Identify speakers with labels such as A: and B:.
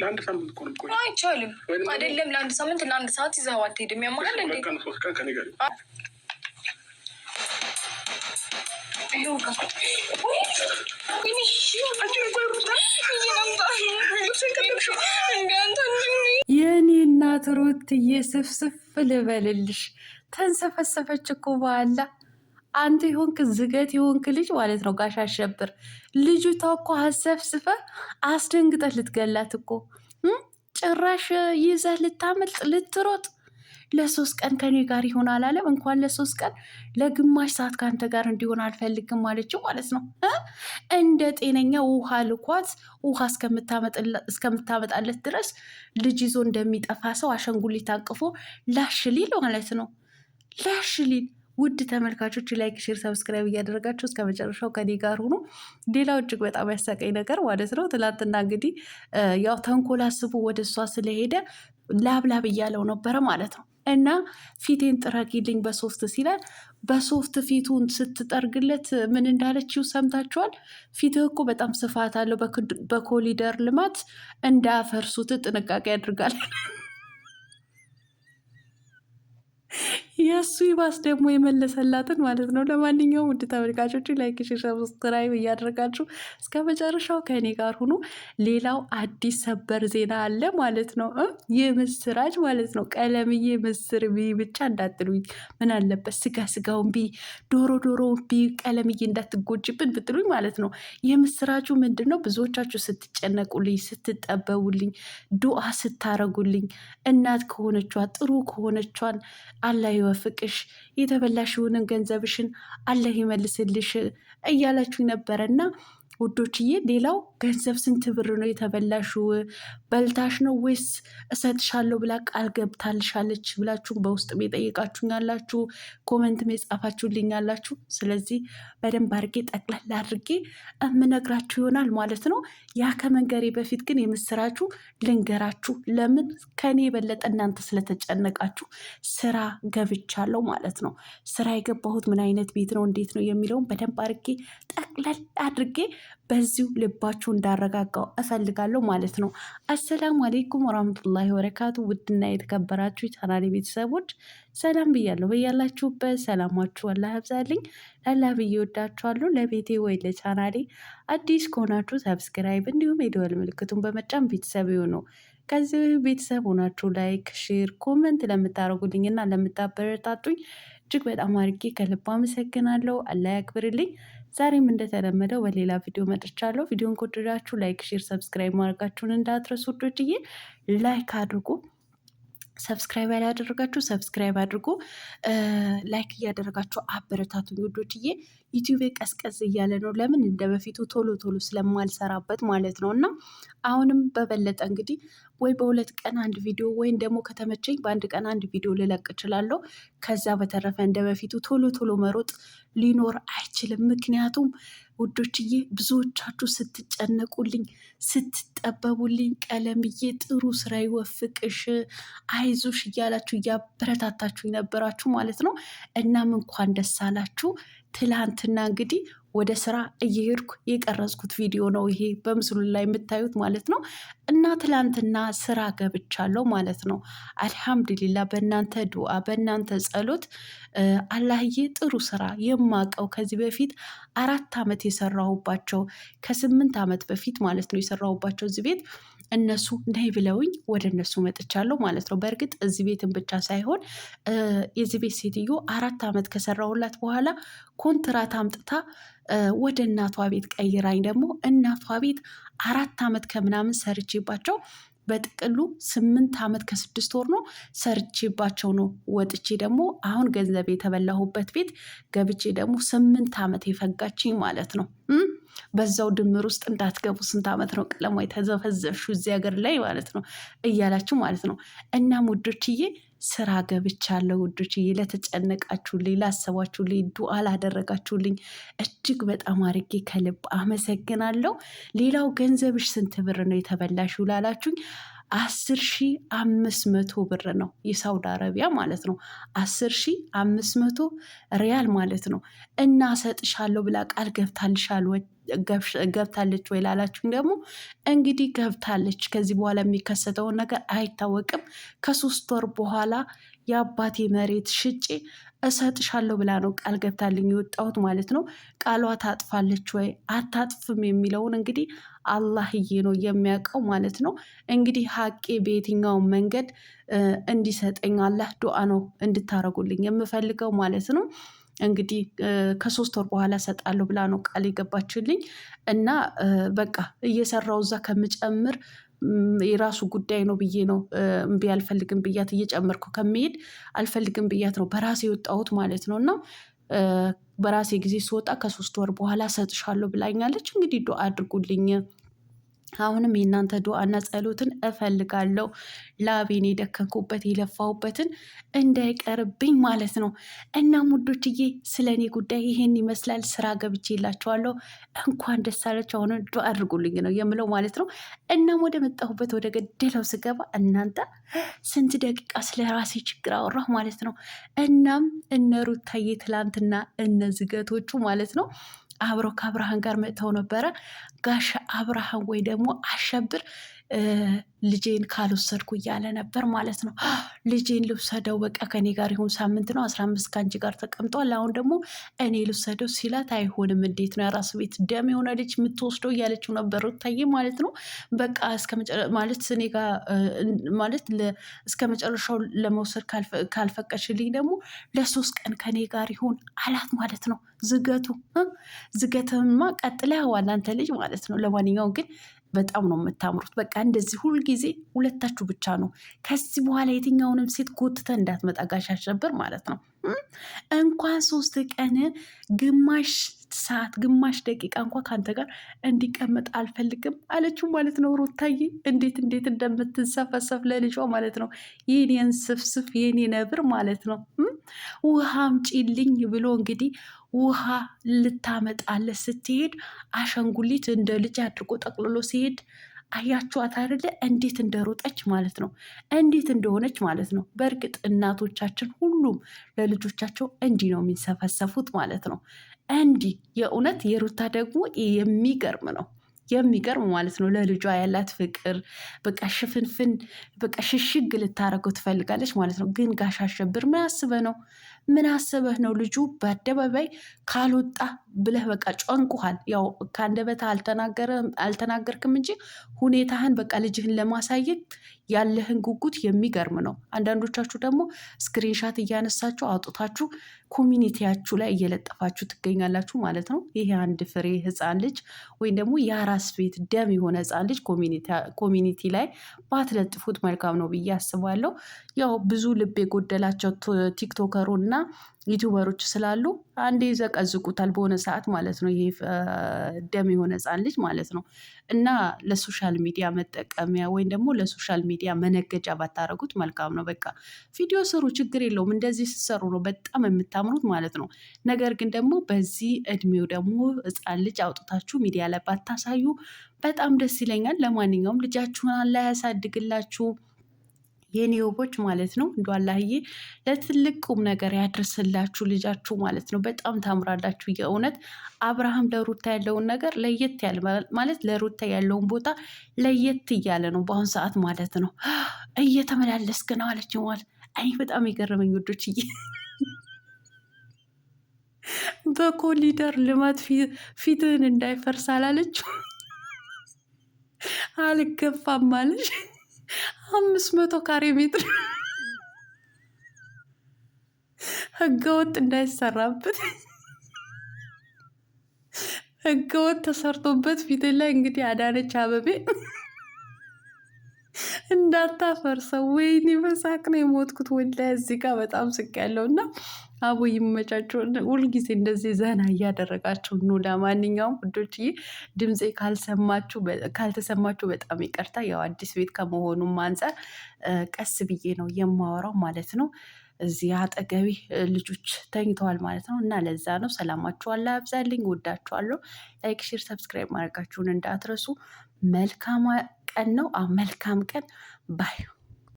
A: ለአንድ ሳምንት እኮ
B: ነው። አይቻልም አይደለም። ለአንድ ሳምንት ለአንድ ሰዓት ይዘኸው አትሄድም። ያማል እንዴ?
A: ሶስት ቀን ከኔ ጋር
C: የእኔ እናት ሩትዬ ስፍስፍ ልበልልሽ፣ ተንሰፈሰፈች እኮ በኋላ አንተ የሆንክ ዝገት የሆንክ ልጅ ማለት ነው ጋሽ አሸብር። ልጅቷ እኮ አሰፍስፈ አስደንግጠት ልትገላት እኮ ጭራሽ ይዘህ ልታመልጥ ልትሮጥ። ለሶስት ቀን ከኔ ጋር ይሆን አላለም። እንኳን ለሶስት ቀን ለግማሽ ሰዓት ከአንተ ጋር እንዲሆን አልፈልግም ማለችው ማለት ነው። እንደ ጤነኛ ውሃ ልኳት ውሃ እስከምታመጣለት ድረስ ልጅ ይዞ እንደሚጠፋ ሰው አሸንጉሊት አቅፎ ላሽሊል ማለት ነው ላሽሊል ውድ ተመልካቾች ላይክ፣ ሼር፣ ሰብስክራይብ እያደረጋችሁ እስከ መጨረሻው ከኔ ጋር ሆኖ ሌላው እጅግ በጣም ያሳቀኝ ነገር ማለት ነው ትላንትና እንግዲህ ያው ተንኮል አስቦ ወደ እሷ ስለሄደ ላብላብ እያለው ነበረ ማለት ነው እና ፊቴን ጥረጊልኝ በሶፍት ሲላል በሶፍት ፊቱን ስትጠርግለት ምን እንዳለችው ሰምታችኋል። ፊትህ እኮ በጣም ስፋት አለው፣ በኮሊደር ልማት እንዳያፈርሱት ጥንቃቄ ያድርጋል። የእሱ ይባስ ደግሞ የመለሰላትን ማለት ነው። ለማንኛውም ውድ ተመልካቾች ላይክ፣ ሼር፣ ሰብስክራይብ እያደረጋችሁ እስከ መጨረሻው ከእኔ ጋር ሁኑ። ሌላው አዲስ ሰበር ዜና አለ ማለት ነው። የምስራች ማለት ነው። ቀለምዬ ምስር ቢ ብቻ እንዳትሉኝ። ምን አለበት ስጋ ስጋውን ቢ ዶሮ ዶሮውን ብይ፣ ቀለምዬ እንዳትጎጅብን ብትሉኝ ማለት ነው። የምስራቹ ምንድን ነው? ብዙዎቻችሁ ስትጨነቁልኝ፣ ስትጠበቡልኝ፣ ዱአ ስታረጉልኝ እናት ከሆነቿ ጥሩ ከሆነቿን አላዩ ይወፍቅሽ፣ የተበላሽውንም ገንዘብሽን አለህ ይመልስልሽ እያላችሁ ነበረና ውዶችዬ ሌላው ገንዘብ ስንት ብር ነው የተበላሽው? በልታሽ ነው ወይስ እሰጥሻለሁ ብላ ቃል ገብታልሻለች ብላችሁ በውስጥ የጠየቃችሁኝ ያላችሁ፣ ኮመንት የጻፋችሁልኝ ያላችሁ፣ ስለዚህ በደንብ አድርጌ ጠቅላላ አድርጌ የምነግራችሁ ይሆናል ማለት ነው። ያ ከመንገሬ በፊት ግን የምስራችሁ ልንገራችሁ። ለምን ከኔ የበለጠ እናንተ ስለተጨነቃችሁ ስራ ገብቻለሁ ማለት ነው። ስራ የገባሁት ምን አይነት ቤት ነው እንዴት ነው የሚለውን በደንብ አድርጌ ጠቅላላ አድርጌ በዚሁ ልባችሁ እንዳረጋጋው እፈልጋለሁ ማለት ነው። አሰላሙ አሌይኩም ወራህመቱላሂ ወበረካቱ። ውድና የተከበራችሁ የቻናሌ ቤተሰቦች ሰላም ብያለሁ። በያላችሁበት ሰላማችሁ አላህ ያብዛልኝ። ላላ ብዬ ወዳችኋለሁ። ለቤቴ ወይ ለቻናሌ አዲስ ከሆናችሁ ሰብስክራይብ፣ እንዲሁም የደወል ምልክቱን በመጫን ቤተሰብ ይሁኑ። ከዚህ ቤተሰብ ሆናችሁ ላይክ፣ ሼር፣ ኮመንት ለምታደርጉልኝ እና ለምታበረታጡኝ እጅግ በጣም አድርጌ ከልብ አመሰግናለሁ። አላህ ያክብርልኝ። ዛሬም እንደተለመደው በሌላ ቪዲዮ መጥቻለሁ። ቪዲዮን ከወደዳችሁ ላይክ፣ ሼር፣ ሰብስክራይብ ማድረጋችሁን እንዳትረሱ ውዶችዬ። ላይክ አድርጉ። ሰብስክራይብ ያላደረጋችሁ ሰብስክራይብ አድርጉ። ላይክ እያደረጋችሁ አበረታቱኝ ውዶችዬ። ዩቲዩብ ቀዝቀዝ እያለ ነው። ለምን እንደ በፊቱ ቶሎ ቶሎ ስለማልሰራበት ማለት ነው እና አሁንም በበለጠ እንግዲህ ወይ በሁለት ቀን አንድ ቪዲዮ ወይም ደግሞ ከተመቸኝ በአንድ ቀን አንድ ቪዲዮ ልለቅ እችላለሁ። ከዛ በተረፈ እንደ በፊቱ ቶሎ ቶሎ መሮጥ ሊኖር አይችልም። ምክንያቱም ውዶችዬ ብዙዎቻችሁ ስትጨነቁልኝ፣ ስትጠበቡልኝ ቀለምዬ ጥሩ ስራ ይወፍቅሽ፣ አይዞሽ እያላችሁ እያበረታታችሁ የነበራችሁ ማለት ነው። እናም እንኳን ደስ አላችሁ። ትላንትና እንግዲህ ወደ ስራ እየሄድኩ የቀረጽኩት ቪዲዮ ነው ይሄ በምስሉ ላይ የምታዩት ማለት ነው። እና ትላንትና ስራ ገብቻለሁ ማለት ነው። አልሐምዱሊላ በእናንተ ዱዓ፣ በእናንተ ጸሎት አላህዬ ጥሩ ስራ የማቀው ከዚህ በፊት አራት ዓመት የሰራሁባቸው ከስምንት ዓመት በፊት ማለት ነው የሰራሁባቸው እዚህ ቤት እነሱ ነይ ብለውኝ ወደ እነሱ መጥቻለሁ ማለት ነው። በእርግጥ እዚህ ቤትን ብቻ ሳይሆን የዚህ ቤት ሴትዮ አራት ዓመት ከሰራሁላት በኋላ ኮንትራት አምጥታ ወደ እናቷ ቤት ቀይራኝ ደግሞ እናቷ ቤት አራት ዓመት ከምናምን ሰርቼባቸው በጥቅሉ ስምንት ዓመት ከስድስት ወር ነው ሰርቼባቸው ነው ወጥቼ ደግሞ አሁን ገንዘብ የተበላሁበት ቤት ገብቼ ደግሞ ስምንት ዓመት የፈጋችኝ ማለት ነው። በዛው ድምር ውስጥ እንዳትገቡ ስንት ዓመት ነው ቀለማ የተዘፈዘፍሹ እዚህ ሀገር ላይ ማለት ነው እያላችሁ ማለት ነው እና ሙድርችዬ ስራ ገብቻለሁ ውዶችዬ። ለተጨነቃችሁልኝ፣ ላሰባችሁልኝ፣ ዱዓ ላደረጋችሁልኝ እጅግ በጣም አርጌ ከልብ አመሰግናለሁ። ሌላው ገንዘብሽ ስንት ብር ነው የተበላሽ ላላችሁኝ አስር ሺ አምስት መቶ ብር ነው የሳውዲ አረቢያ ማለት ነው። አስር ሺ አምስት መቶ ሪያል ማለት ነው። እና ብላ ቃል ገብታልሻል ገብታለች ወይ ላላችሁኝ ደግሞ እንግዲህ ገብታለች። ከዚህ በኋላ የሚከሰተውን ነገር አይታወቅም። ከሶስት ወር በኋላ የአባቴ መሬት ሽጬ እሰጥሻለሁ ብላ ነው ቃል ገብታልኝ የወጣሁት ማለት ነው። ቃሏ ታጥፋለች ወይ አታጥፍም የሚለውን እንግዲህ አላህዬ ነው የሚያውቀው ማለት ነው። እንግዲህ ሀቄ በየትኛውን መንገድ እንዲሰጠኝ አላህ ዱዓ ነው እንድታረጉልኝ የምፈልገው ማለት ነው። እንግዲህ ከሶስት ወር በኋላ ሰጣለሁ ብላ ነው ቃል የገባችልኝ እና በቃ እየሰራው እዛ ከምጨምር የራሱ ጉዳይ ነው ብዬ ነው እምቢ አልፈልግም ብያት እየጨመርኩ ከሚሄድ አልፈልግም ብያት ነው በራሴ የወጣሁት ማለት ነው እና በራሴ ጊዜ ስወጣ ከሶስት ወር በኋላ ሰጥሻለሁ ብላኛለች። እንግዲህ ዱአ አድርጉልኝ። አሁንም የእናንተ ዱዓና ጸሎትን እፈልጋለሁ። ላቤን የደከንኩበት የለፋሁበትን እንዳይቀርብኝ ማለት ነው። እናም ውዶችዬ ስለ እኔ ጉዳይ ይሄን ይመስላል። ስራ ገብቼ ላችኋለሁ። እንኳን ደስ አላችሁ። አሁን ዱዓ አድርጉልኝ ነው የምለው ማለት ነው። እናም ወደ መጣሁበት ወደ ገደለው ስገባ እናንተ ስንት ደቂቃ ስለ ራሴ ችግር አወራሁ ማለት ነው። እናም እነ ሩታዬ ትላንትና እነ ዝገቶቹ ማለት ነው አብረው ከአብርሃን ጋር መጥተው ነበረ። ጋሻ አብርሃን ወይ ደግሞ አሸብር ልጄን ካልወሰድኩ እያለ ነበር ማለት ነው። ልጄን ልውሰደው በቃ ከኔ ጋር ይሁን ሳምንት ነው አስራ አምስት ከአንቺ ጋር ተቀምጧል። አሁን ደግሞ እኔ ልውሰደው ሲላት አይሆንም፣ እንዴት ነው የራስ ቤት ደም የሆነ ልጅ የምትወስደው እያለችው ነበር ታየ ማለት ነው። በቃ ማለት እኔ ጋር ማለት እስከ መጨረሻው ለመውሰድ ካልፈቀድሽልኝ ደግሞ ለሶስት ቀን ከኔ ጋር ይሁን አላት ማለት ነው። ዝገቱ ዝገትማ ቀጥላ ዋናንተ ልጅ ማለት ነው። ለማንኛውም ግን በጣም ነው የምታምሩት። በቃ እንደዚህ ሁልጊዜ ሁለታችሁ ብቻ ነው። ከዚህ በኋላ የትኛውንም ሴት ጎትተ እንዳትመጣ ጋሽ ማለት ነው። እንኳን ሶስት ቀን ግማሽ ሰዓት ግማሽ ደቂቃ እንኳ ከአንተ ጋር እንዲቀመጥ አልፈልግም አለችው ማለት ነው። ሩታዬ እንዴት እንዴት እንደምትንሰፈሰፍ ለልጇ ማለት ነው። የኔን ስፍስፍ የኔ ነብር ማለት ነው። ውሃ አምጪልኝ ብሎ እንግዲህ ውሃ ልታመጣለት ስትሄድ አሻንጉሊት እንደ ልጅ አድርጎ ጠቅልሎ ሲሄድ አያችኋት አይደለ? እንዴት እንደሮጠች ማለት ነው፣ እንዴት እንደሆነች ማለት ነው። በእርግጥ እናቶቻችን ሁሉም ለልጆቻቸው እንዲህ ነው የሚንሰፈሰፉት ማለት ነው። እንዲህ የእውነት የሩታ ደግሞ የሚገርም ነው። የሚገርም ማለት ነው። ለልጇ ያላት ፍቅር በቃ ሽፍንፍን በቃ ሽሽግ ልታረገው ትፈልጋለች ማለት ነው። ግን ጋሽ አሸብር ምን አስበህ ነው? ምን አስበህ ነው? ልጁ በአደባባይ ካልወጣ ብለህ በቃ ጨንቁሃል። ያው ከአንደበትህ አልተናገርክም እንጂ ሁኔታህን በቃ ልጅህን ለማሳየት ያለህን ጉጉት የሚገርም ነው። አንዳንዶቻችሁ ደግሞ ስክሪንሻት እያነሳችሁ አውጥታችሁ ኮሚኒቲያችሁ ላይ እየለጠፋችሁ ትገኛላችሁ ማለት ነው። ይሄ አንድ ፍሬ ህፃን ልጅ ወይም ደግሞ የአራስ ቤት ደም የሆነ ህፃን ልጅ ኮሚኒቲ ላይ ባትለጥፉት መልካም ነው ብዬ አስባለሁ። ያው ብዙ ልብ የጎደላቸው ቲክቶከሩ እና ዩቱበሮች ስላሉ አንዴ ይዘቀዝቁታል በሆነ ሰዓት ማለት ነው። ይሄ ደም የሆነ ህፃን ልጅ ማለት ነው። እና ለሶሻል ሚዲያ መጠቀሚያ ወይም ደግሞ ለሶሻል ሚዲያ መነገጃ ባታረጉት መልካም ነው። በቃ ቪዲዮ ስሩ፣ ችግር የለውም። እንደዚህ ስትሰሩ ነው በጣም የምታምሩት ማለት ነው። ነገር ግን ደግሞ በዚህ እድሜው ደግሞ ህፃን ልጅ አውጥታችሁ ሚዲያ ላይ ባታሳዩ በጣም ደስ ይለኛል። ለማንኛውም ልጃችሁን አላህ ያሳድግላችሁ። የኔ ውቦች ማለት ነው። እንዱ አላህዬ ለትልቅ ቁም ነገር ያድርስላችሁ ልጃችሁ ማለት ነው። በጣም ታምራላችሁ። የእውነት አብርሃም ለሩታ ያለውን ነገር ለየት ያለ ማለት ለሩታ ያለውን ቦታ ለየት እያለ ነው በአሁን ሰዓት ማለት ነው። እየተመላለስክ ነው አለች ማለት እኔ በጣም የገረመኝ ወዶች እየ በኮሊደር ልማት ፊትህን እንዳይፈርስ አላለችው አልገፋም አለች። አምስት መቶ ካሬ ሜትር ህገወጥ እንዳይሰራበት ህገወጥ ተሰርቶበት ፊት ላይ እንግዲህ አዳነች አበቤ እንዳታፈርሰው። ወይኔ በሳቅ ነው የሞትኩት። ወላሂ እዚህ ጋር በጣም ስቅ ያለው እና አቦ ይመቻችሁ። ሁልጊዜ እንደዚህ ዘና እያደረጋችሁ ኑ። ለማንኛውም ውዶች ድምፄ ካልተሰማችሁ በጣም ይቀርታ። ያው አዲስ ቤት ከመሆኑም አንጻር ቀስ ብዬ ነው የማወራው ማለት ነው። እዚህ አጠገቢ ልጆች ተኝተዋል ማለት ነው እና ለዛ ነው። ሰላማችሁ አላ ያብዛልኝ። ወዳችኋለሁ። ላይክ፣ ሼር፣ ሰብስክራይብ ማድረጋችሁን እንዳትረሱ። መልካም ቀን ነው። መልካም ቀን ባይ